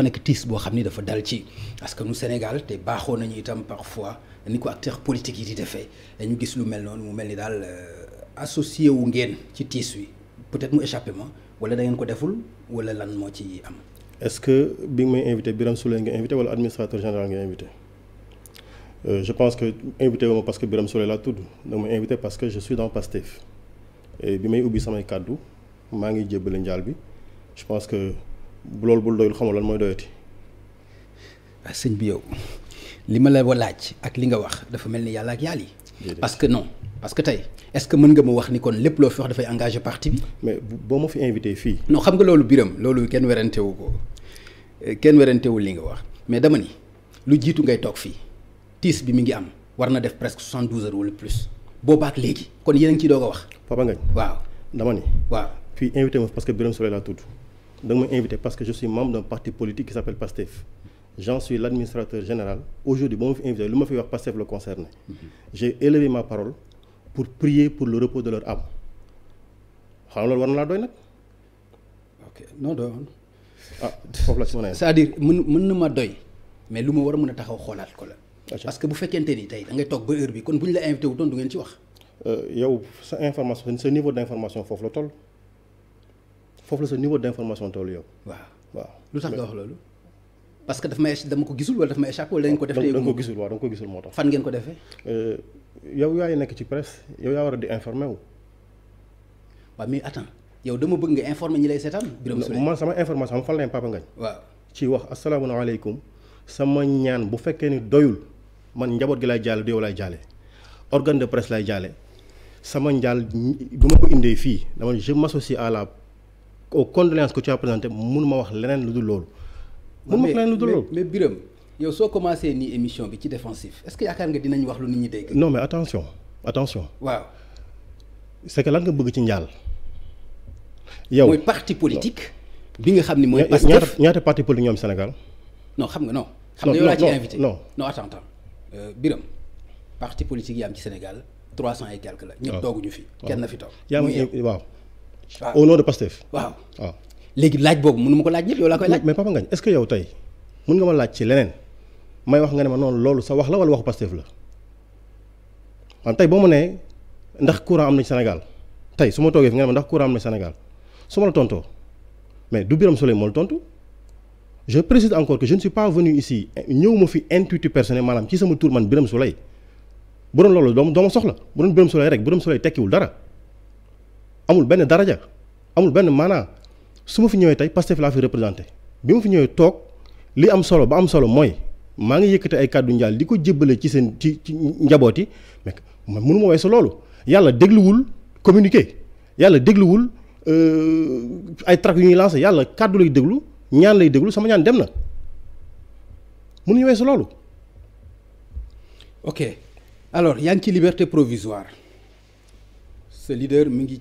dafa nekk tiis boo xam ni dafa dal ci askanu Sénégal te baaxoo nañu itam parfois ni ko acteurs politiques yi di defee ñu gis lu mel noonu mu mel ni daal euh, associé wu ngeen ci tiis wi peut-être mu échappé ma wala da ngeen ko deful wala lan moo ci am. est-ce que bi nga may invité Birame Souleye nga invité wala administrateur général nga invité euh, je pense que invité wu ma parce que Birame Souleye laa tudd da ma invité parce que je suis dans Pastef bi may ubbi samay kàddu maa ngi jébbale njaal bi bu loolu bul doyul xamul lan mooy doyati. ah sëñ bi yow li ma la laaj ak li nga wax dafa mel ni yàlla ak yàlla yi. parce que non parce que tey est-ce que mën nga ma wax ni kon lépp loo fi wax dafay engagé parti bi. mais boo ma fi invité fii. non xam nga loolu biram loolu kenn werantewu ko eh, kenn werantewul li nga wax mais dama ni lu jiitu ngay toog fii tiis bi mi ngi am war na def presque soixante douze heures wala plus boobaak léegi kon yéen a ngi ciy doog wax. Papa Ngagne waaw dama ni. waaw fii invité ma parce que Birame Souleye laa tudd. da ma invité parce que je suis membre d'un parti politique qui s'appelle PASTEF j'en suis l'administrateur général aujourd'hui ba ma fi invité lu ma fi wax PASTEF la concerné mhm. j'ai élevé ma parole pour prier pour le repos de leur âme xam loolu war na laa doy nag ok non ah, foofu la si mën a cest dire mën mën na ma doy mais lu ma war a mën a taxaw xoolaat ko la parce que bu fekkente ni tey da toog ba heure bi kon bu ñu la invité wutoon du ngeen ci wax euh, yow sa information sa niveau d'information foofu la toll foofu la sa niveau d' information toll yow. waaw waaw lu tax nga wax loolu. parce que daf may dama ko gisul wala daf ma échappé wala da ko def. da nga ko gisul waaw ko gisul moo tax. fan ngeen ko defee. Euh, yow yaay nekk ci presse yow yaa war a di informé wu. waaw mais attends yow dama bëgg nga informé ñi lay seetaan. Birame man sama information am fan la Papa Ngagne. waaw ci wax asalaamaaleykum sama ñaan bu fekkee ni doyul man njaboot gi lay jaale du yow lay jaale organe de presse lay jaale sama njaal bu fii dama à la. aux condoléances que tu as présentées mun ma wax leneen lu dul loolu. mun ma wax leneen lu dul loolu mais biram yow soo commencé nii émission bi ci défensif est-ce que yaakaar nga dinañ wax lu nit ñi dégg. non mais attention attention. waaw c'est que lan nga bëgg ci njaal. yow mooy parti politique. bi nga xam ni mooy. Pastef ñaata ñaata parti politique ñoom Sénégal. non xam nga no xam nga yow laa ci invité non non attends attends euh, parti politique yi am ci Sénégal trois cent et quelques la. Ah. fi ah. kenn na fi waaw. au nom de Pastef waaw ah. léegi laaj boobu mënu ma ko laaj ñëpp laa koy laaj mais Papa Ngagne yow tey mën nga ma laaj ci leneen may wax nga ne ma noonu loolu sa wax la wala waxu Pastef la waaw tey boo ma nee ndax courant am na Sénégal tey su ma toogee fi nga ne ma ndax courant am na Sénégal su ma la tontoo mais du Birame Souleye moo la tontu je précise encore que je ne suis pas venu ici ñëw ma fi intuitu personnel maanaam ci sama tur man Birame Souleye bu doon loolu doo ma soxla bu doon Birame Souleye rek Birame Souleye tekkiwul dara amul benn daraja amul benn maanaa su ma fi ñëwee tey Pastef laa fi représenté bi ma fi ñëwee toog li am solo ba am solo mooy maa ngi yëkkati ay kàddu njaal di ko jébbale ci seen ci ci njaboot yi mais man mënu ma weesu loolu yàlla dégluwul communiqué yàlla dégluwul euh, ay tract yu ñuy lancé yàlla kàddu lay déglu ñaan lay déglu sama ñaan dem na mënuñu weesu loolu. ok alors yaa ngi ci liberté provisoire ce leader mi ngi.